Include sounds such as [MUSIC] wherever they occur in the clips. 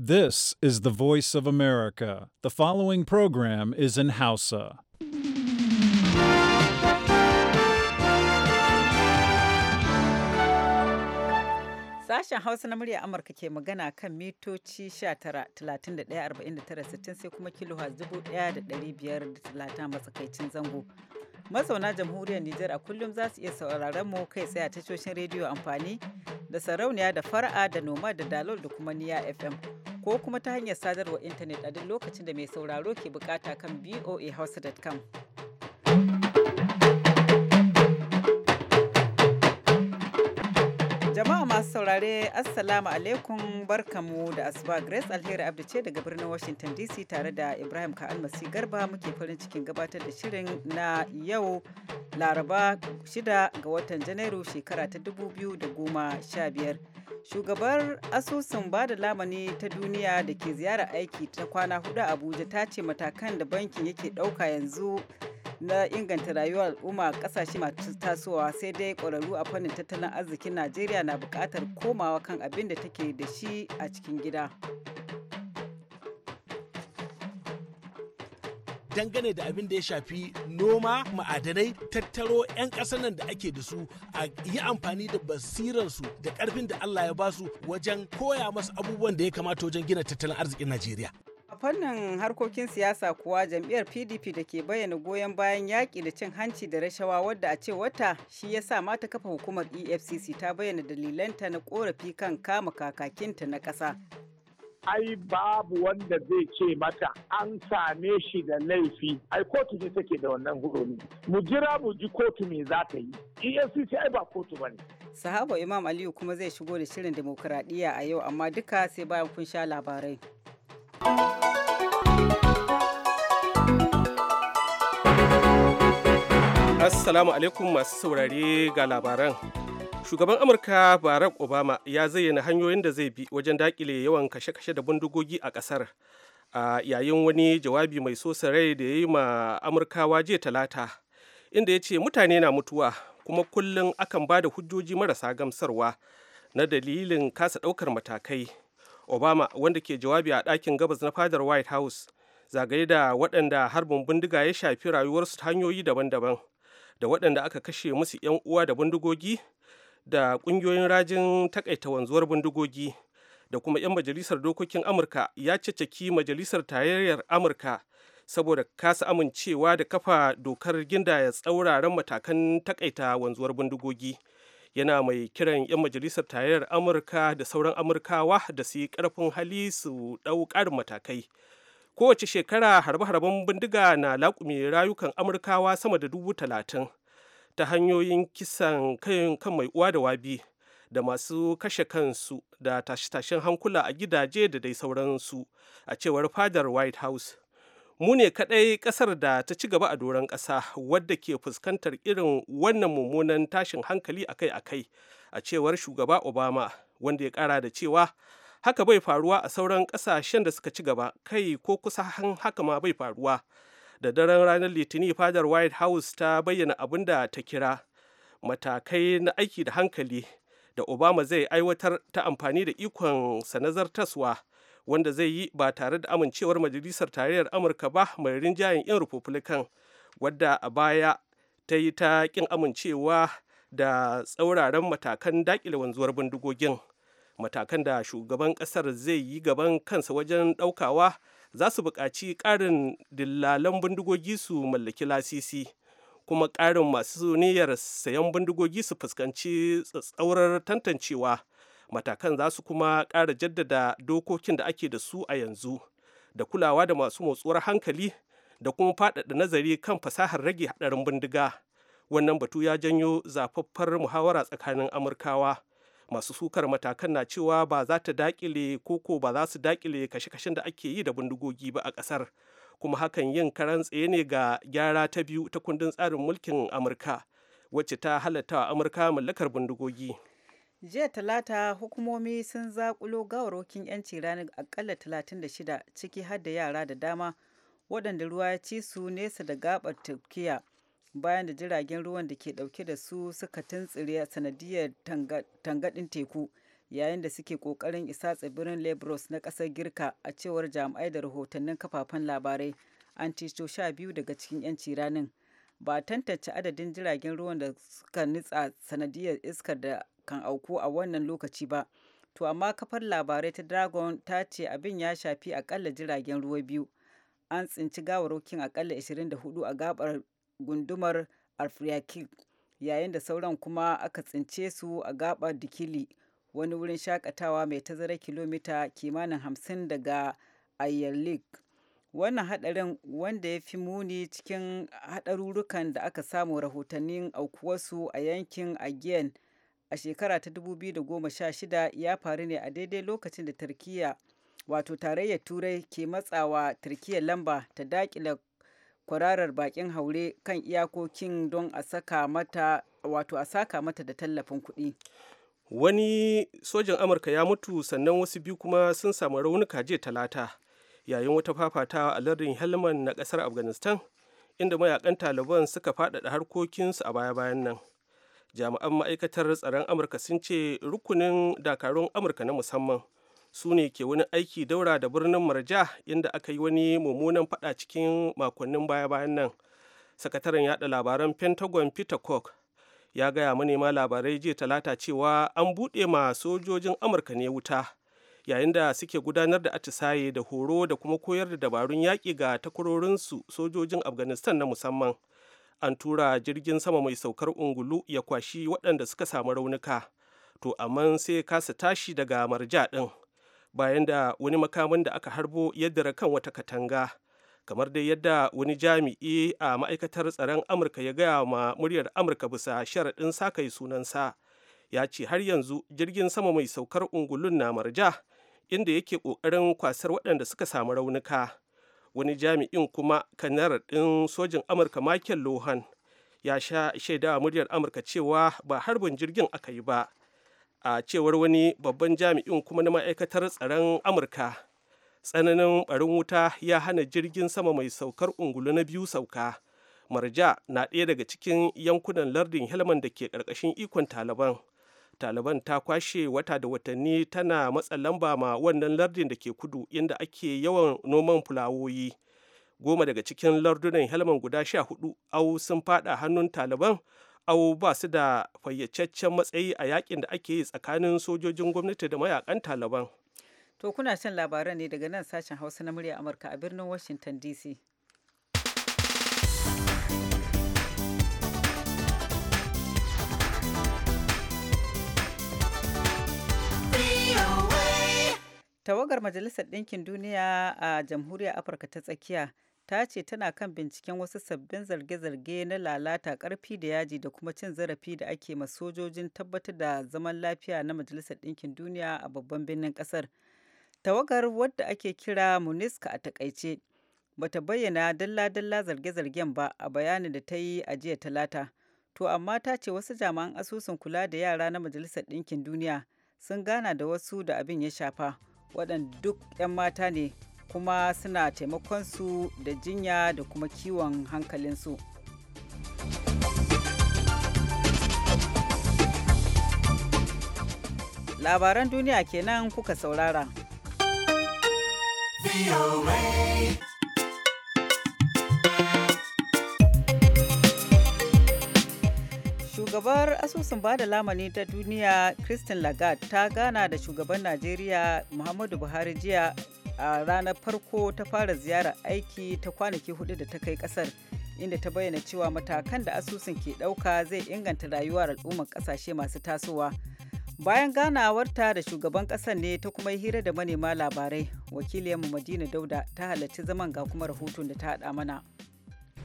This is the voice of America. The following program is in Hausa. Sashen Hausa na murya Amurka ke magana kan mitoci 19,31,49,60 sai kuma kilo 1,530 matsakaicin zango. Mazauna jamhuriyar Nijar a kullum za su iya sauraron mu kai tsaye a tashoshin rediyo amfani da sarauniya da fara'a da noma da dalol da kuma niya FM. ko kuma ta hanyar sadarwar intanet a duk lokacin da mai sauraro ke bukata kan voahausa.com. Jama'a masu saurare Assalamu alaikum barkamu da asuba Grace Alheri Abdu ce daga birnin Washington DC tare da Ibrahim Ka'almasi Garba muke farin cikin gabatar da shirin na yau Laraba 6 ga watan Janairu shekara ta 2015. Shugabar asusun ba da lamani ta duniya da ke ziyara aiki ta kwana hudu Abuja ta ce matakan da bankin yake ɗauka yanzu na inganta rayuwar al'umma a kasashe masu tasowa sai dai ƙwararru a fannin tattalin arzikin najeriya na bukatar komawa kan abin da take da shi a cikin gida dangane da abin da ya shafi noma ma'adanai tattaro 'yan ƙasar nan da ake da su a yi amfani da basirarsu da ƙarfin da allah ya basu wajen koya masu abubuwan da ya kamata wajen gina tattalin arzikin najeriya fannin harkokin siyasa kuwa jam'iyyar pdp da ke bayyana goyon bayan yaƙi da cin hanci da rashawa wadda a ce wata shi ya sa mata kafa hukumar efcc ta bayyana dalilanta na korafi kan kama kakakinta na ƙasa ai babu wanda zai ce mata an same shi da laifi ai kotu ne take da wannan hurumi mu jira mu ji kotu me za ta yi efcc ai ba kotu ba ne sahaba imam aliyu kuma zai shigo da shirin demokuraɗiyya a yau amma duka sai bayan kun sha labarai thank Assalamu alaikum masu saurare ga labaran. Shugaban Amurka Barack Obama ya zayyana hanyoyin da zai bi wajen dakile yawan kashe-kashe da bindigogi a ƙasar. A yayin wani jawabi mai sosa rai da ya yi ma Amurkawa jiya talata, inda ya ce mutane na mutuwa kuma kullum akan ba da hujjoji marasa gamsarwa na dalilin kasa ɗaukar matakai. Obama wanda ke jawabi a ɗakin gabas na fadar White House zagaye da waɗanda harbin bindiga ya shafi rayuwarsu ta hanyoyi daban-daban. da waɗanda aka kashe musu 'yan uwa da bindigogi da ƙungiyoyin rajin takaita wanzuwar bindigogi da kuma 'yan majalisar dokokin amurka ya caccaki majalisar tarayyar amurka saboda kasa amincewa da kafa dokar gindaya tsauraran matakan takaita wanzuwar bindigogi yana mai kiran 'yan majalisar tarayyar amurka da sauran amurkawa da su yi karfin hali su ɗau ƙarin matakai kowace shekara harbe-harben bindiga na laƙume rayukan amurkawa sama da dubu talatin ta hanyoyin kisan kai kan mai uwa da wabi da masu kashe kansu da tashe-tashen hankula a gidaje da dai sauransu a cewar fadar white house mu ne kadai kasar da ta ci gaba a doron kasa wadda ke fuskantar irin wannan mummunan tashin hankali akai-akai a cewar shugaba obama wanda ya kara da cewa haka bai faruwa a sauran kasashen da suka ci gaba kai ko kusa haka ma bai faruwa da daren ranar litinin fadar white house ta bayyana abin da ta kira matakai na aiki da hankali da obama zai aiwatar ta amfani da ikon taswa wanda zai yi ba tare da amincewar majalisar tarayyar amurka ba mai rinjayen 'yan republican wadda a baya ta yi ta kin amincewa da tsauraran matakan dakile wanzuwar bindigogin matakan da shugaban ƙasar zai yi gaban kansa wajen ɗaukawa za su buƙaci ƙarin dillalan bindigogi su mallaki lasisi kuma ƙarin masu niyyar sayan bindigogi su fuskanci tsatsaurar tantancewa matakan za su kuma ƙara jaddada dokokin da ake da su a yanzu da kulawa da masu motsuwar hankali da kuma faɗaɗa nazari kan fasahar rage haɗarin bindiga wannan batu ya janyo zafaffar muhawara tsakanin amurkawa masu sukar matakan na cewa ba za ta dakile koko ba za su dakile kashe-kashen da ake yi da bindigogi ba a kasar kuma hakan yin karan tsaye ne ga gyara ta biyu ta kundin tsarin mulkin amurka wacce ta halatta wa amurka mallakar bindigogi jiya talata hukumomi sun zakulo gawarokin yanci ranar akalla 36 ciki har da yara da dama waɗanda ruwa ya ci su nesa da gabar turkiya bayan da jiragen ruwan da ke dauke da su suka tuntsire sanadiyar tangadin teku yayin da suke kokarin isa tsibirin lebros na kasar girka a cewar jami'ai da rahotannin kafafen labarai an ceto sha biyu daga cikin 'yanci ranin ba tantance adadin jiragen ruwan da suka nitsa sanadiyar iskar da kan auku a wannan lokaci ba to amma kafar labarai ta dragon ta ce abin ya shafi akalla jiragen ruwa biyu an tsinci gawarokin akalla 24 a gabar gundumar alfryakiv yayin da sauran kuma aka tsince su a gabar dikili wani wurin shakatawa mai tazara kilomita kimanin hamsin daga ayerlik wannan hadarin wanda ya fi muni cikin haɗarurukan da aka samu rahotannin aukuwarsu a yankin aegean a shekara ta 2016 ya faru ne a daidai lokacin da turkiya wato tarayyar turai ke matsawa turkiyar lamba ta dakila kwararar bakin haure kan iyakokin don a saka mata wato a saka mata da tallafin kuɗi. Wani sojin Amurka ya mutu sannan wasu biyu kuma sun samu raunuka jiya talata yayin wata fafatawa a lardin helman na ƙasar Afghanistan inda mayakan Taliban suka faɗaɗa harkokinsu a baya-bayan nan. Jami'an ma'aikatar tsaron Amurka sun ce rukunin dakarun Amurka na musamman su ne ke wani aiki daura da birnin marja inda aka yi wani mummunan fada cikin makonnin baya-bayan nan sakataren yada labaran pentagon peter cook ya gaya manema labarai jiya talata cewa an buɗe ma sojojin amurka ne wuta yayin da suke gudanar da atisaye da horo da kuma koyar da dabarun yaƙi ga takwarorinsu sojojin afghanistan na musamman an tura jirgin sama mai saukar ungulu ya kwashi waɗanda suka samu raunuka to amma sai kasa tashi daga marja ɗin bayan da wani makamin da aka harbo yadda dira kan wata katanga kamar dai yadda wani jami'i a ma'aikatar tsaron amurka ya gaya ma muryar amurka bisa sharaɗin sakai sunansa ya ce har yanzu jirgin sama mai saukar ungulun na marja inda yake ƙoƙarin kwasar waɗanda suka samu raunuka wani jami'in kuma kanar ɗin sojin amurka michael lohan ya sha shaida muryar amurka cewa ba harbin jirgin aka yi ba a cewar wani babban jami'in kuma na ma'aikatar tsaron amurka tsananin barin wuta ya hana jirgin sama mai saukar ungulu na biyu sauka marja na ɗaya daga cikin yankunan lardin helman da ke ƙarƙashin ikon taliban taliban ta kwashe wata da watanni tana matsa lamba ma wannan lardin da ke kudu inda ake yawan noman fulawoyi goma daga cikin lardunan helman guda sha hudu au sun fada hannun taliban au ba su da fayyacaccen matsayi a yakin da ake yi tsakanin sojojin gwamnati da mayakan taliban to kuna shan labaran ne daga nan sashen hausa na murya amurka a birnin washington dc tawagar majalisar ɗinkin duniya a jamhuriyar afirka ta tsakiya ta ce tana kan binciken wasu sabbin zarge-zarge na lalata karfi da yaji da kuma cin zarafi da ake ma sojojin tabbatar da zaman lafiya na majalisar ɗinkin duniya a babban birnin ƙasar tawagar wadda ake kira muniska a takaice bata bayyana dalla-dalla zarge-zargen ba a bayanin da ta yi a jiya talata to amma ta ce wasu jami'an asusun kula da yara na majalisar ɗinkin duniya sun gana da wasu da abin ya shafa waɗanda duk 'yan mata ne kuma suna taimakon su da jinya da kuma kiwon hankalinsu. Labaran duniya kenan kuka saurara. shugabar asusun bada lamani ta duniya christine lagarde ta gana da shugaban najeriya muhammadu buhari jiya a ranar farko ta fara ziyarar aiki ta kwanaki hudu da ta kai kasar inda ta bayyana cewa matakan da asusun ke dauka zai inganta rayuwar al'ummar kasashe masu tasowa bayan ganawarta da shugaban kasar ne ta kuma yi hira da manema labarai wakiliyar madina dauda ta halarci zaman ga kuma rahoton da ta hada mana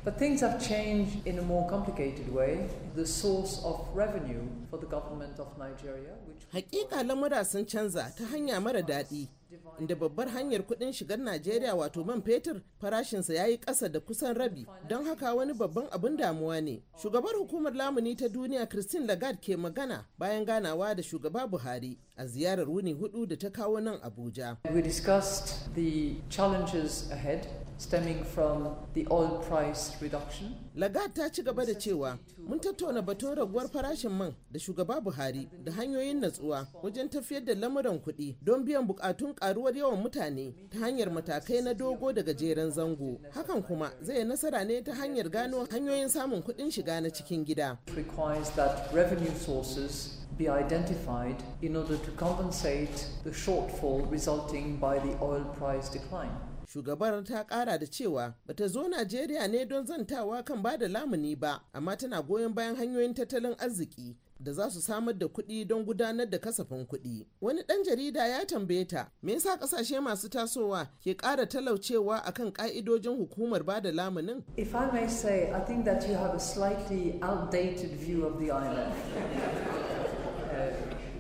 But things in a way. The source of revenue for of Nigeria, which... Hakika lamura sun canza ta hanya mara daɗi. inda babbar hanyar kudin shigar najeriya wato man fetur farashinsa ya yi ƙasa da kusan rabi don haka wani babban abin damuwa ne shugabar hukumar lamuni ta duniya christine lagarde ke magana bayan ganawa da shugaba buhari a ziyarar wuni hudu da ta kawo nan abuja we discussed the challenges ahead stemming from the oil price reduction. Lagarde ta ci gaba da cewa mun tattauna batun raguwar farashin man da shugaba Buhari da hanyoyin natsuwa wajen tafiyar da lamuran kuɗi don biyan bukatun karuwar yawan mutane ta hanyar matakai na dogo da gajeren zango. Hakan kuma zai yi nasara ne ta hanyar gano hanyoyin samun kuɗin shiga na cikin gida. be identified in order to compensate the shortfall resulting by the oil price decline. shugabar ta kara da cewa bata zo najeriya ne don zantawa kan ba da lamuni ba amma tana goyon bayan hanyoyin tattalin arziki da za su samar da kuɗi don gudanar da kasafin kuɗi. Wani ɗan jarida ya tambaye ta, me yasa ƙasashe masu tasowa ke ƙara talaucewa akan ƙa'idojin hukumar bada lamunin? If I may say, I think that you have a slightly outdated view of the island. [LAUGHS] Uh,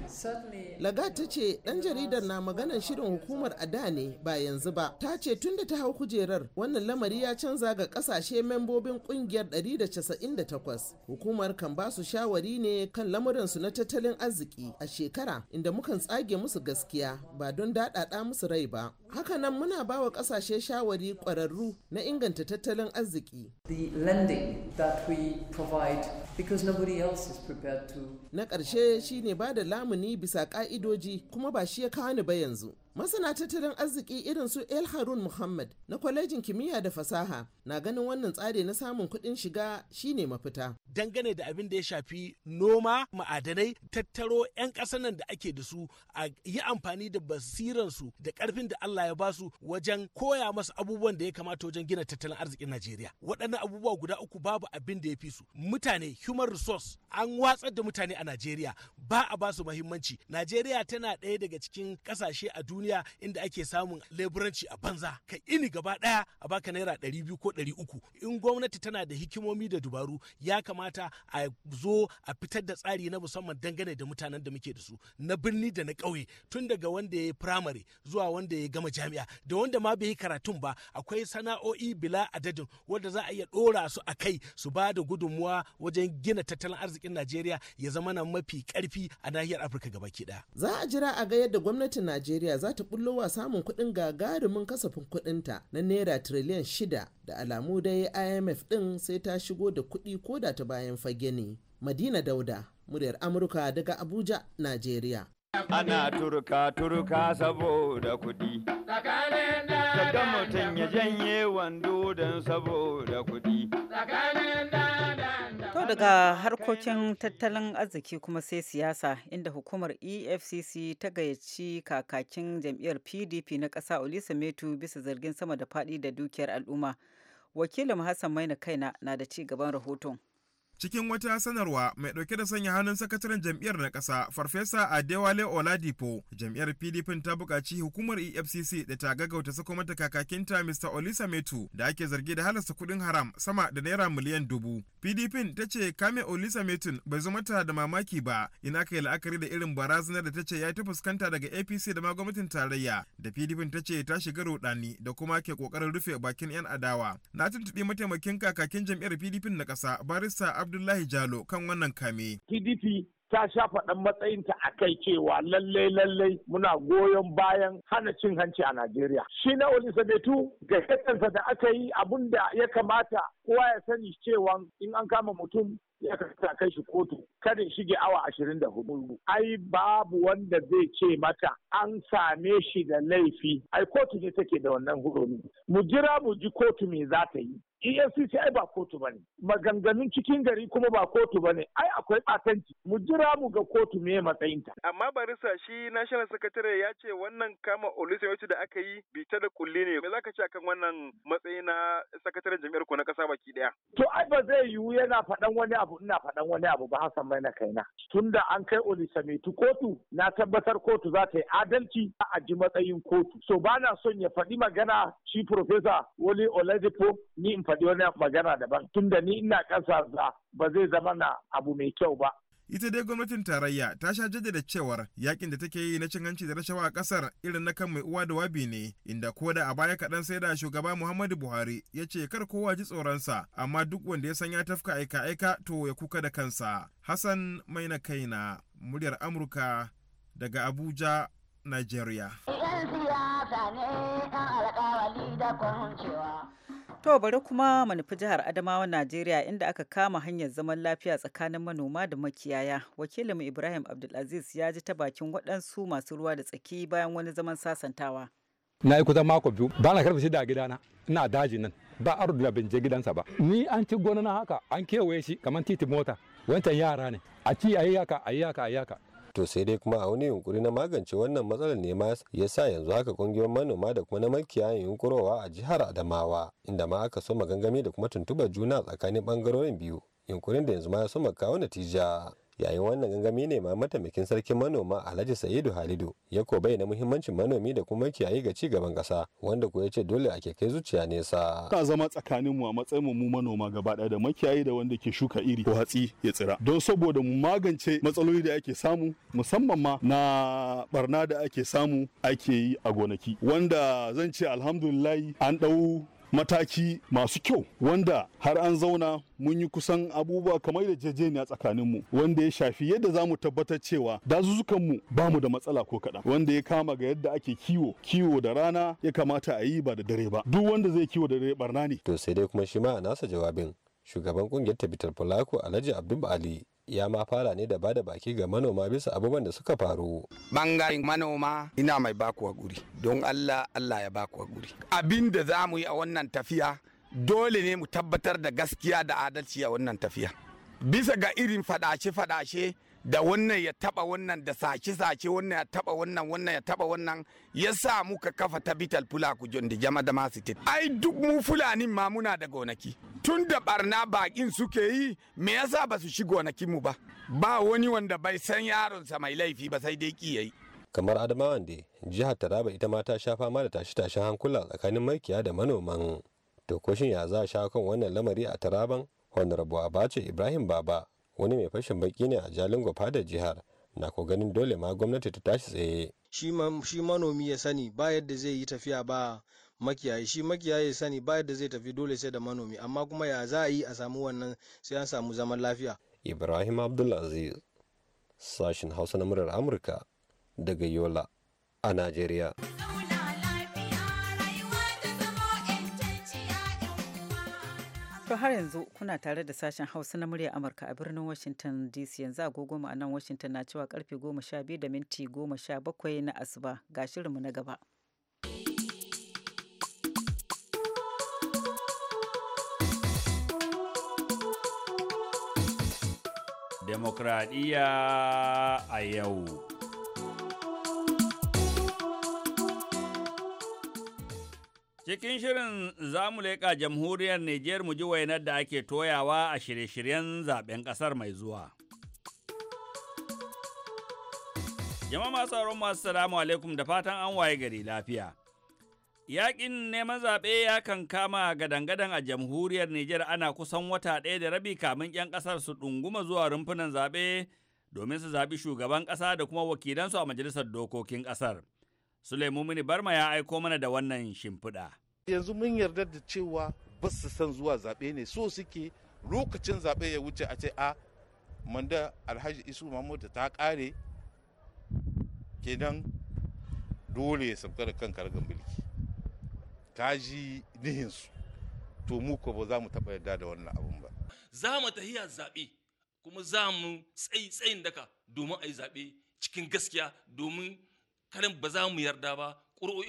certainly Lagat ta ce ɗan jaridar na maganar shirin hukumar a da ne ba yanzu ba. Ta ce tun da ta hau kujerar wannan lamari ya canza ga ƙasashe membobin ƙungiyar 198. Hukumar kan ba su shawari ne kan lamuransu na tattalin arziki a shekara inda mukan tsage musu gaskiya ba don daɗaɗa musu rai ba. Hakanan muna ba wa ƙasashe shawari ƙwararru na inganta tattalin arziki. The lending that we provide because nobody else is prepared to na ƙarshe shine ba da lamuni bisa ƙa'idoji kuma ba shi ya kawo ni ba yanzu Masana tattalin arziki irin su El Harun Muhammad na kwalejin kimiyya da fasaha na ganin wannan tsari na samun kuɗin shiga shine mafita. Dangane da abin da ya shafi noma, ma'adanai, tattaro 'yan ƙasar nan da ake da su a yi amfani da basiransu da ƙarfin da Allah ya basu wajen koya masu abubuwan da ya kamata wajen gina tattalin arzikin Najeriya. Waɗannan abubuwa guda uku babu abin da ya fi su. Mutane, human resource, an watsar da mutane a Najeriya ba a basu muhimmanci. Najeriya tana ɗaya daga cikin ƙasashe a duniya duniya inda ake samun leburanci a banza ka ini gaba daya a baka naira ɗari biyu ko ɗari uku in gwamnati tana da hikimomi da dubaru ya kamata a zo a fitar da tsari na musamman dangane da mutanen da muke da su na birni da na ƙauye tun daga wanda ya yi firamare zuwa wanda ya gama jami'a da wanda ma bai yi karatun ba akwai sana'o'i bila adadin wanda za a iya ɗora su a kai su ba da gudunmuwa wajen gina tattalin arzikin najeriya ya zama na mafi karfi a nahiyar afirka gaba ɗaya. za a jira a ga yadda gwamnatin najeriya za za ta wa samun kuɗin gagarumin kasafin kuɗinta na naira tiriliyan shida da alamu dai imf ɗin sai ta shigo da kuɗi ko da ta bayan fage ne madina dauda muryar amurka daga abuja najeriya ana turka turka saboda kuɗi da mutum ya janye wando don saboda kuɗi daga harkokin tattalin arziki kuma sai siyasa inda hukumar efcc ta gayyaci kakakin jam'iyyar pdp na ƙasa olisa metu bisa zargin sama da faɗi da dukiyar al'umma wakilin hassan maina kaina na da ci gaban rahoton cikin wata sanarwa mai dauke da sanya hannun sakataren jam'iyyar na ƙasa farfesa adewale oladipo jam'iyyar pdp ta buƙaci hukumar efcc da ta gaggauta sako mata kakakinta mr olisa metu da ake zargi da halasta kuɗin haram sama da naira miliyan dubu pdp ta ce kame olisa metu bai zo mata da mamaki ba ina kai la'akari da irin barazanar da ta ce ya ta fuskanta daga apc da ma tarayya da pdp ta ce ta shiga rudani da kuma ke kokarin rufe bakin yan adawa na tuntuɓi mataimakin kakakin jam'iyyar pdp na ƙasa barista Abdullahi Jalo kan wannan kame. PDP ta sha faɗin matsayinta a kai cewa lallai lallai muna goyon bayan hana cin hanci a Najeriya. Shi na wani Olisabetu ga da aka yi abun da ya kamata kowa ya sani cewa in an kama mutum ya kasa kai shi kotu kada shige awa ashirin da hudu ai babu wanda zai ce mata an same shi da laifi ai kotu ne take da wannan hurumi mu jira mu ji kotu me za ta yi EFCC ai ba kotu bane maganganun cikin gari kuma ba kotu bane ai akwai batanci mu jira mu ga kotu me matsayin ta. amma barisa shi national secretary ya ce wannan kama Olusegun da aka yi bita da kulli ne me zaka ce akan wannan matsayi na sakataren jami'ar ku na kasa baki daya to ai ba zai yiwu yana faɗan wani abu ina faɗan wani abu ba hasan mai na kaina tunda an kai tu kotu na tabbatar kotu za ta yi adalci a ji matsayin kotu so bana son ya faɗi magana shi professor wani Oladipo ni in faɗi wani magana daban tunda ni ina ƙasarsa ba zai zama na abu mai kyau ba ita dai gwamnatin tarayya ta sha jaddada cewar yakin da take yi na cin hanci da rashawa a ƙasar irin na kan mai uwa da wabi ne inda ko da a baya kaɗan sai da shugaba muhammadu buhari ya ce kar kowa ji sa amma duk wanda ya san ya tafka aika aika to ya kuka da kansa hassan mai na kaina muryar amurka daga abuja nigeria. da To bari kuma manufi jihar Adamawa Najeriya inda aka kama hanyar zaman lafiya tsakanin manoma da makiyaya. Wakilin Ibrahim Abdulaziz ya ji ta bakin waɗansu masu ruwa da tsaki bayan wani zaman sasantawa. Na yi kusan mako biyu, ba na karfe shida a gidana, ina daji nan, ba aro dina ban je gidansa ba. Ni an ci gona na haka, an kewaye shi kamar titi mota, wancan yara ne, a ci a yi haka, a yi haka, a yi haka. to sai dai kuma a wani yunkuri na magance wannan matsalar ne ma ya sa yanzu haka kungiyoyin manoma da kuma na yin yunkurowa a jihar adamawa inda ma aka soma gangami da kuma tuntubar juna tsakanin bangarorin biyu yunkurin da yanzu ma ya soma kawo natija yayin wannan gangami ne ma mataimakin sarkin manoma alhaji sa'idu halidu ya ko bayyana muhimmancin manomi da kuma kiyaye ga ci gaban kasa wanda ko yace dole ake kai zuciya nesa ta zama tsakanin mu a matsayin mu manoma gaba ɗaya da makiyayi da wanda ke shuka iri ko hatsi ya tsira don saboda mu magance matsaloli da ake samu musamman ma na barna da ake samu ake yi a gonaki wanda zan ce alhamdulillah an ɗau mataki masu kyau wanda har an zauna mun yi kusan abubuwa kamar da jejeniya tsakaninmu wanda ya shafi yadda za mu tabbatar cewa dazuzzukanmu ba mu da matsala ko kaɗan wanda ya kama ga yadda ake kiwo kiwo da rana ya kamata a yi ba da dare ba duk wanda zai kiwo da dare barna ne to sai dai kuma shi ma a nasa jawabin shugaban kungiyar tabitar fulako alhaji abdul ali ya ma fara ne da bada baki ga manoma bisa abubuwan da suka faru. Bangaren manoma ina mai baku hakuri don Allah Allah ya baku hakuri. Abin da za mu yi a wannan tafiya dole ne mu tabbatar da gaskiya da adalci a wannan tafiya. Bisa ga irin fadace-fadace da wannan ya taba wannan da sace-sace wannan ya taba wannan wannan ya taba wannan ya sa muka kafa ta bital fula ku da jama da masu ai duk mu fulanin ma muna da gonaki tun da barna bakin suke yi me yasa ba su shi gonakin mu ba ba wani wanda bai san yaronsa mai laifi ba sai dai kiyayi kamar adamawa da jihar taraba ita ma ta sha fama da tashe-tashen hankula tsakanin makiya da manoman to koshin ya za a sha kan wannan lamari a taraban honorable abace ibrahim baba wani mai fashin baki ne a jalingo fadar jihar na ko ganin dole ma gwamnati ta tashi tsaye shi manomi ya sani ba yadda zai yi tafiya ba makiyayi shi makiyayi ya sani ba yadda zai tafi dole sai da manomi amma kuma ya za a yi a samu wannan sai an samu zaman lafiya ibrahim abdulaziz sashin hausa na murar amurka daga yola a najeriya har yanzu kuna tare da sashen Hausa na murya Amurka a birnin Washington DC yanzu agogo a nan Washington na cewa karfe 12 da minti 17 na asuba ga shirinmu na gaba. Demokradiyya a yau. Cikin shirin zamu leƙa jamhuriyar Nijar mu ji wainar da ake toyawa a shirye-shiryen zaben ƙasar mai zuwa. Jama'a masu auren masu salamu alaikum da fatan an waye gari lafiya. Yaƙin neman zaɓe ya kan kama gadan-gadan a jamhuriyar Nijar ana kusan wata ɗaya da rabi kamin 'yan ƙasar su ɗunguma zuwa rumfunan zaɓe domin su zaɓi shugaban ƙasa da kuma wakilansu a majalisar dokokin ƙasar. Sulaimu Mini Barma ya aiko mana da wannan shimfiɗa. Yanzu mun yarda da cewa ba su san zuwa zaɓe ne so suke lokacin zaɓe ya wuce a ce a manda Alhaji Isu mamadu ta ƙare kenan dole ya sauka da kan kargan mulki. ta ji nihinsu to mu ko ba za mu taɓa yarda da wannan abun ba. Za mu tahiya zaɓe kuma za mu tsayi tsayin daka domin a yi zaɓe cikin gaskiya domin karin ba za mu yarda ba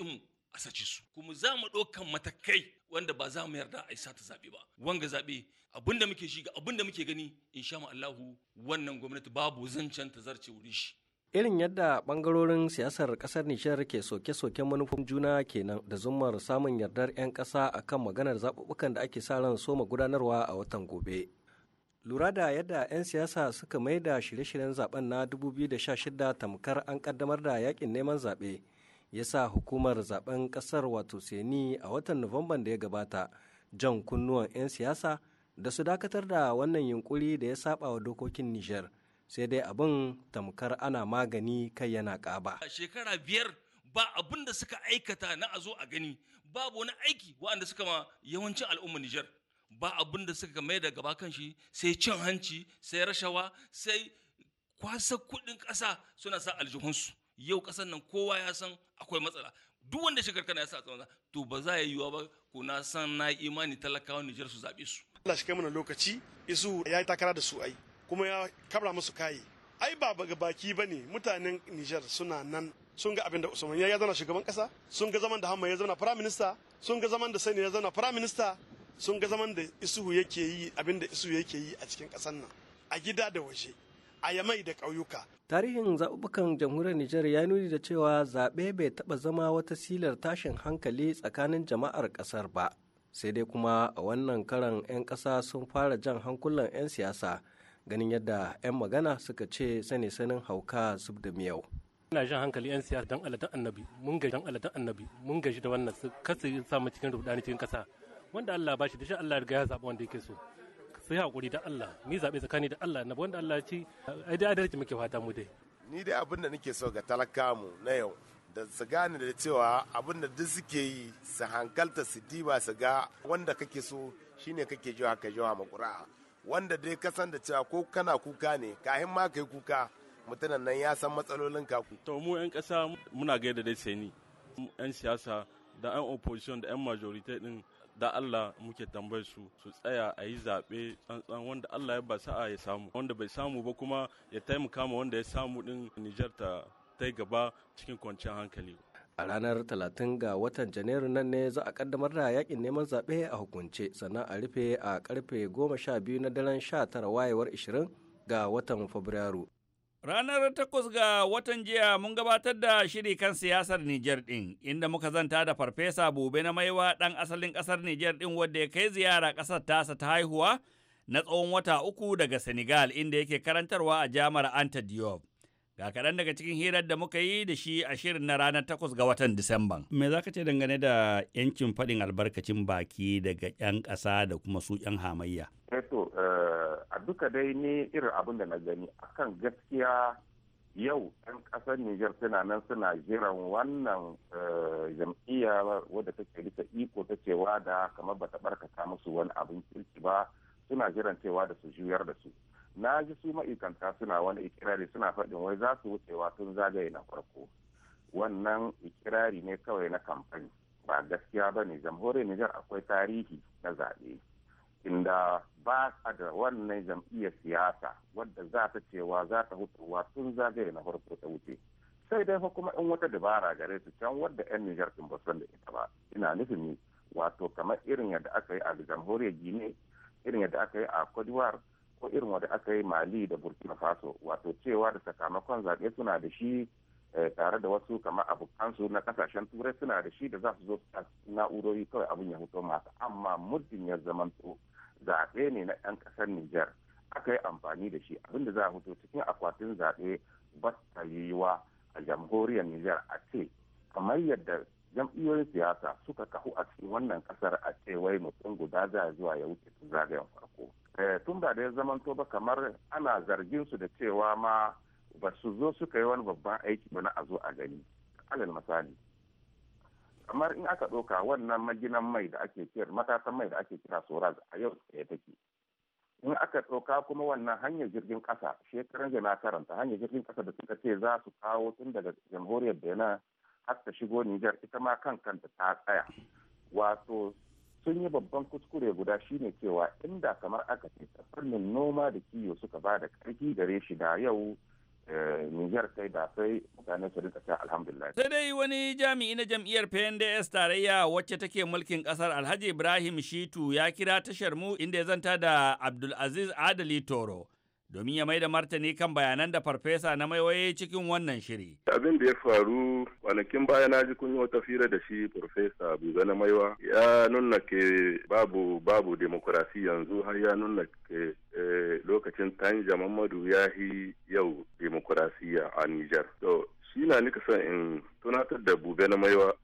mu a saci su kuma za mu ɗaukan matakai wanda ba za mu yarda a isa ta zaɓe ba wanga zaɓe abin da muke shiga abin da muke gani in sha mu Allahu wannan gwamnati babu zancen ta zarce wuri shi irin yadda ɓangarorin siyasar ƙasar nishiyar ke soke soke manufofin juna kenan da zumar samun yardar 'yan ƙasa akan maganar zaɓuɓɓukan da ake sa ran soma gudanarwa a watan gobe lura da yadda 'yan siyasa suka mai da shirye-shiryen zaben na 2016 tamkar an kaddamar da yakin neman zaɓe ya sa hukumar zaben ƙasar wato seni a watan nuwamban da ya gabata jan kunnuwan 'yan siyasa da su dakatar da wannan yunkuri da ya saba wa dokokin nijar sai dai abin tamkar ana magani kai yana ƙaba shekara biyar ba abin da suka aikata na a zo a gani babu wani aiki waɗanda suka ma yawancin al'ummar nijar ba abin da suka mai da gaba kan shi sai cin hanci sai rashawa sai kwasa kuɗin ƙasa suna sa aljihunsu yau kasan nan kowa ya san akwai matsala duk wanda shigar kana ya sa tsawon to ba za a yi ba ko na san na imani talakawa Nijar su zaɓe su. Allah shi kai mana lokaci isu ya yi takara da su ai kuma ya kabra musu kayi. ai ba ga baki ba ne mutanen Nijar suna nan sun ga abin da Usman ya zana shugaban kasa sun ga zaman da Hamma ya zana firaminista sun ga zaman da Sani ya zana firaminista. sun ga zaman da isuhu yake yi abin isuhu yake yi a cikin ƙasar nan a gida da waje a yamai da ƙauyuka. Tarihin zaɓuɓɓukan jamhuriyar Nijar ya nuni da cewa zaɓe bai taɓa zama wata silar tashin hankali tsakanin jama'ar ƙasar ba. Sai dai kuma a wannan karan 'yan ƙasa sun fara jan hankulan 'yan siyasa ganin yadda 'yan magana suka ce sani sanin hauka zub da miyau. ina jan hankali 'yan siyasa dan aladan annabi mun gaji dan aladan annabi mun gaji da wannan kasa sa samun cikin rudani cikin kasa wanda Allah ba shi da shi Allah riga ya zaɓa wanda yake so sai hakuri da Allah ni zaɓe tsakani da Allah na wanda Allah ci ai da adalci muke fata mu dai ni dai abin da nake so ga talaka mu na yau da su gane da cewa abin da duk suke yi su hankalta su diba su ga wanda kake so shine kake jiwa ka jiwa ma wanda dai ka san da cewa ko kana kuka ne kahin ma kai kuka mutanen nan ya san matsalolin ka to mu yan kasa muna gaida dai sai ni yan siyasa da yan opposition da yan majority din da Allah muke tambayar su su tsaya a yi zaɓe tsantsan wanda Allah ya ba sa'a ya samu wanda bai samu ba kuma ya taimaka ma wanda ya samu din Nijar ta ta gaba cikin kwanciyar hankali. A ranar 30 ga watan Janairu nan ne za a kaddamar da yakin neman zaɓe a hukunce sannan a rufe a karfe 12 na daren 19 wayewar 20 ga watan Fabrairu. Ranar takwas ga watan jiya mun gabatar da shiri kan siyasar Nijar ɗin, inda muka zanta da Farfesa Bube na Maiwa ɗan asalin ƙasar Nijar ɗin wadda ya kai ziyara ƙasar tasa ta haihuwa na tsawon wata uku daga Senegal inda yake karantarwa a jami'ar Anta Diop. Ga kaɗan daga cikin hirar da muka yi da shi a shirin na ranar takwas ga watan Disamban. Me za ka ce dangane da yancin faɗin albarkacin baki daga 'yan ƙasa da kuma su 'yan hamayya? Eto, eh eh, a duka dai ne irin abin da na gani a kan gaskiya yau 'yan ƙasar Nijar suna nan suna jiran wannan eh, jam'iyya wadda take rika iko ta cewa da kamar bata barkata musu wani abin kirki ba suna jiran cewa da su juyar da su. na ji su ma'aikanta suna wani ikirari suna faɗin wai za su wucewa tun zagaye na farko wannan ikirari ne kawai na kamfani ba gaskiya ba ne jamhuriyar nijar akwai tarihi na zaɓe inda ba a da wannan jam'iyyar siyasa wadda za ta cewa za ta hutuwa tun zagaye na farko ta wuce sai dai fa kuma in wata dabara gare su can wadda 'yan nijar sun ba da ita ba ina nufin ne wato kamar irin yadda aka yi a jamhuriyar gine irin yadda aka yi a cote ko irin wanda aka yi mali da burkina faso wato cewa da sakamakon zaɓe suna da shi eh, tare da wasu kamar abokansu na kasashen turai suna da shi da za su zo a na'urori kawai abin ya hutu masu amma muddin ya zamanto zaɓe ne na 'yan ƙasar niger aka yi amfani da shi abinda za a fito cikin akwatin zaɓe ba ta yiwuwa a jamhuriyar niger a ce kamar yadda jam'iyyoyin siyasa suka kahu a cikin wannan kasar a ce wai mutum guda za a zuwa ya wuce zagayen farko Eh, tun da ya zamanto ba kamar ana zargin su da cewa ma ba su zo suka yi wani babban aiki ba na a zo a gani alal misali kamar in aka ɗauka wannan maginan mai da ake kira matatan mai da ake kira soraz a yau ya take in aka ɗauka kuma wannan hanyar jirgin ƙasa shekaran jana karanta hanyar jirgin ƙasa da suka ce za su kawo tun daga jamhuriyar benin har ta shigo nijar ita ma kan kanta ta tsaya wato sun yi babban kuskure guda shine cewa inda kamar aka ce fannin noma da kiwo suka ba da karfi gare shi da yau eh, Nijar sai da sai mutane su rika ta alhamdulillah. Sai dai wani jami'i na jam'iyyar PNDS tarayya wacce take mulkin kasar Alhaji Ibrahim Shitu ya kira tashar mu inda ya zanta da Abdulaziz Adali Toro. domin ya mai da martani kan bayanan da farfesa na maiwaye cikin wannan shiri. Abin da ya faru kwanakin baya na ji kunyo wata fira da shi farfesa Buga na Maiwa ya nuna ke babu babu demokrasi yanzu har ya nuna ke eh, lokacin Tanja Mamadu ya yi yau demokrasiya a Nijar. To, shi na nika son in tunatar da bube na maiwa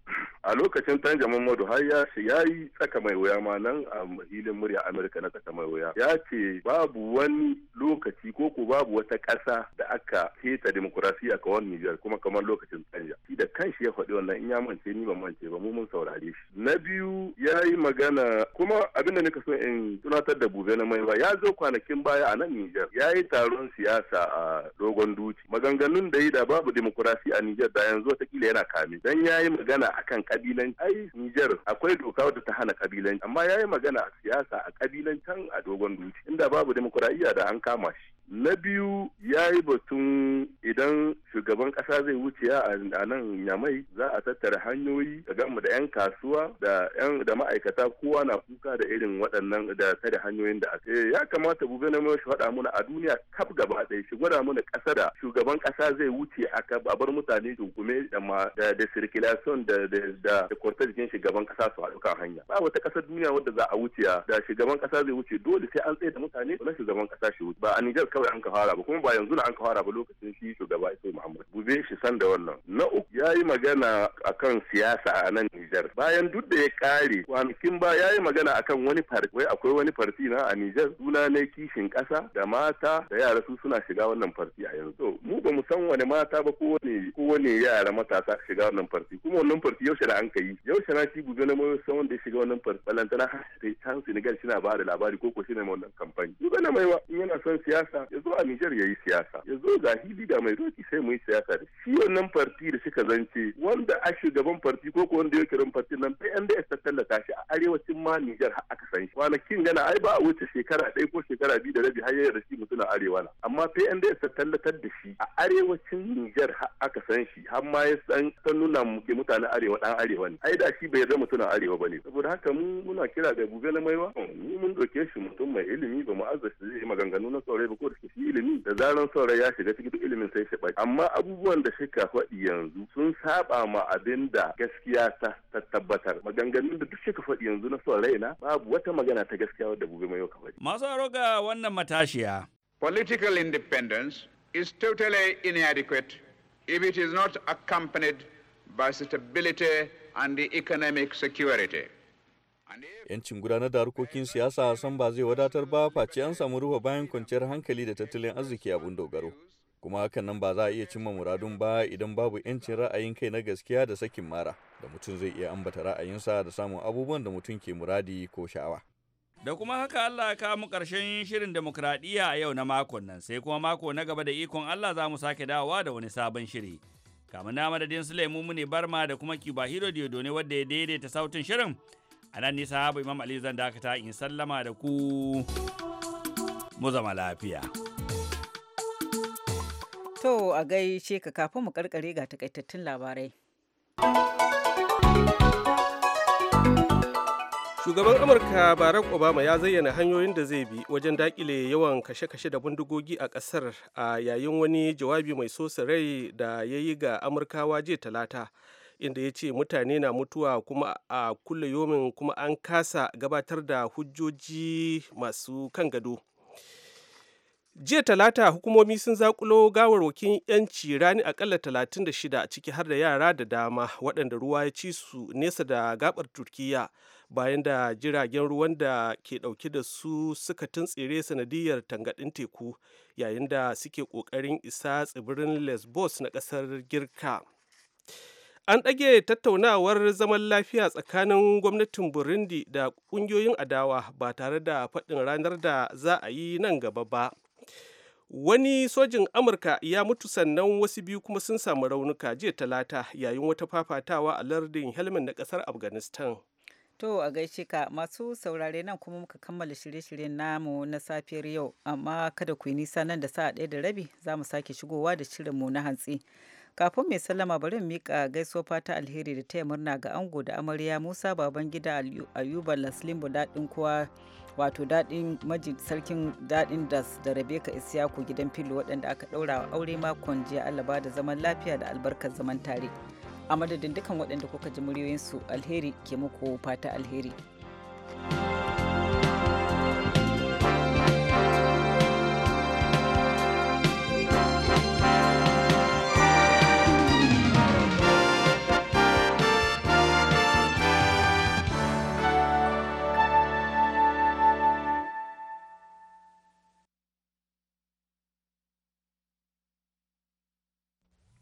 a lokacin tanja mamadu har ya shi ya yi tsaka mai wuya ma nan a hilin murya amurka na tsaka mai wuya ya ce babu wani lokaci ko ko babu wata ƙasa da aka keta demokrasiya ka wani nijar kuma kamar lokacin tanja shi da shi ya faɗi wannan in ya mance ni ban mance ba mu mun saurare shi na biyu ya yi magana kuma abin da nika so in tunatar da bube na maiwa ya zo kwanakin baya a nan nijar ya yi taron siyasa a dogon duci maganganun da yi da babu demokrasiya a nijar da yanzu watakila yana kame dan yayi magana akan kabilan ai Niger akwai doka wadda ta hana kabilan amma yayi magana a siyasa a kabilan can a dogon duti inda babu demokradiyya da an kama shi na biyu ya yi batun idan shugaban kasa zai wuce a nan nyamai za a tattara hanyoyi da gama da 'yan kasuwa da 'yan da ma'aikata kowa na kuka da irin waɗannan da tare hanyoyin da ake ya kamata na shi faɗa muna a duniya kaf gaba ɗaya shi gwada muna ƙasa da shugaban kasa zai wuce a kaf a bar mutane dukume da da circulation da da da kwartajikin shugaban kasa su haɗu kan hanya ba wata ƙasar duniya wadda za a wuce da shugaban kasa zai wuce dole sai an tsaye da mutane na shugaban kasa shi wuce ba a kawai an ka fara ba kuma ba yanzu na an ka fara ba lokacin shi shugaba iso muhammad bube shi san da wannan na uku ya yi magana akan siyasa a nan nijar bayan duk da ya kare kwanakin ba ya yi magana akan wani farti wai akwai wani farti na a nijar suna ne kishin kasa da mata da yara su suna shiga wannan farti a yanzu mu ba mu san wani mata ba ko wani ko wani yara matasa shiga wannan farti kuma wannan farti yaushe da an ka yi yaushe na shi bube na mai san wanda ya shiga wannan farti balantana har sai can senegal shi na ba da labari ko ko shi ne wannan kamfani bube na mai wa in yana son siyasa ya zo a Nijar ya yi siyasa ya zo ga hili da mai doki sai mu yi siyasa da shi wannan farti da suka zance wanda a shugaban farti ko ko wanda ya kiran farti nan PNDS ta tallata shi a arewacin ma Nijar har aka san shi kwanakin gana ai ba a wuce shekara ɗaya ko shekara biyu da rabi har ya yarda shi mutum arewa na amma PNDS ta tallatar da shi a arewacin Nijar har aka san shi har ma ya san ta nuna muke mutanen arewa dan arewa ne ai da shi bai zama mutumin arewa bane saboda haka mu muna kira da bube maiwa mu mun doke shi mutum mai ilimi ba mu azza shi zai maganganu na tsaurai ba ko ciki shi ilimi da zaran saurayi ya shiga cikin ilimin sai shi baki amma abubuwan da shika faɗi yanzu sun saba ma abin da gaskiya ta tabbatar maganganun da duk shika faɗi yanzu na saurayi na babu wata magana ta gaskiya wadda bube mai yau ka faɗi. masu ga wannan matashiya. political independence is totally inadequate if it is not accompanied by stability and economic security. Yancin gudanar da harkokin siyasa san ba zai wadatar ba face an samu rufe bayan kwanciyar hankali da tattalin arziki abin dogaro. Kuma hakan nan ba za a iya cimma muradun ba idan babu yancin ra'ayin kai na gaskiya da sakin mara da mutum zai iya ambata ra'ayinsa da samun abubuwan da mutum ke muradi ko sha'awa. Da kuma haka Allah ka mu ƙarshen shirin demokradiyya a yau na makon nan sai kuma mako na gaba da ikon Allah za mu sake dawowa da wani sabon shiri. kamin na madadin Sulaimu mu ne Barma da kuma Kiba Hiro Diodone wanda ya daidaita sautin shirin. a nan nisa habu imam ali zan dakata in sallama da ku mu zama lafiya to a gaishe ka kafin mu karkare ga takaitattun labarai shugaban amurka barack obama ya zayyana hanyoyin da zai bi wajen dakile yawan kashe-kashe da bindigogi a kasar a yayin wani jawabi mai sosa rai da ya yi ga amurkawa jiya talata inda ya ce mutane na mutuwa kuma a kulle yomin kuma an kasa gabatar da hujjoji masu kan gado jiya talata hukumomi sun zakulo gawarwakin yanci rani akalla 36 ciki har da yara da dama waɗanda ruwa ya ci su nesa da gabar turkiya bayan da jiragen ruwan da ke ɗauke da su suka tuntsire sanadiyar tangaɗin teku yayin da suke ƙoƙarin isa tsibirin lesbos na ƙasar girka an ɗage tattaunawar zaman lafiya tsakanin gwamnatin burundi da ƙungiyoyin adawa ba tare da faɗin ranar da za a yi nan gaba ba wani sojin amurka ya mutu sannan wasu biyu kuma sun samu raunuka jiya talata yayin wata fafatawa a lardin helmin na ƙasar afghanistan To a gaishe ka masu saurare nan kuma muka kammala shirye-shiryen namu na safiyar yau amma kada ku yi nisa nan da sa'a ɗaya da rabi za mu sake shigowa da shirinmu na hantsi. kafin mai sallama bari in mika gaisuwa fata alheri da taya murna ga ango da amarya musa baban gida ayuba laslimbo daɗin kowa wato daɗin maji sarkin daɗin das da rabeka isiyaku gidan filo waɗanda aka ɗaura aure makon jiya allah da zaman lafiya da albarkar zaman tare a madadin dukkan waɗanda kuka ji muryoyinsu alheri ke muku fata alheri.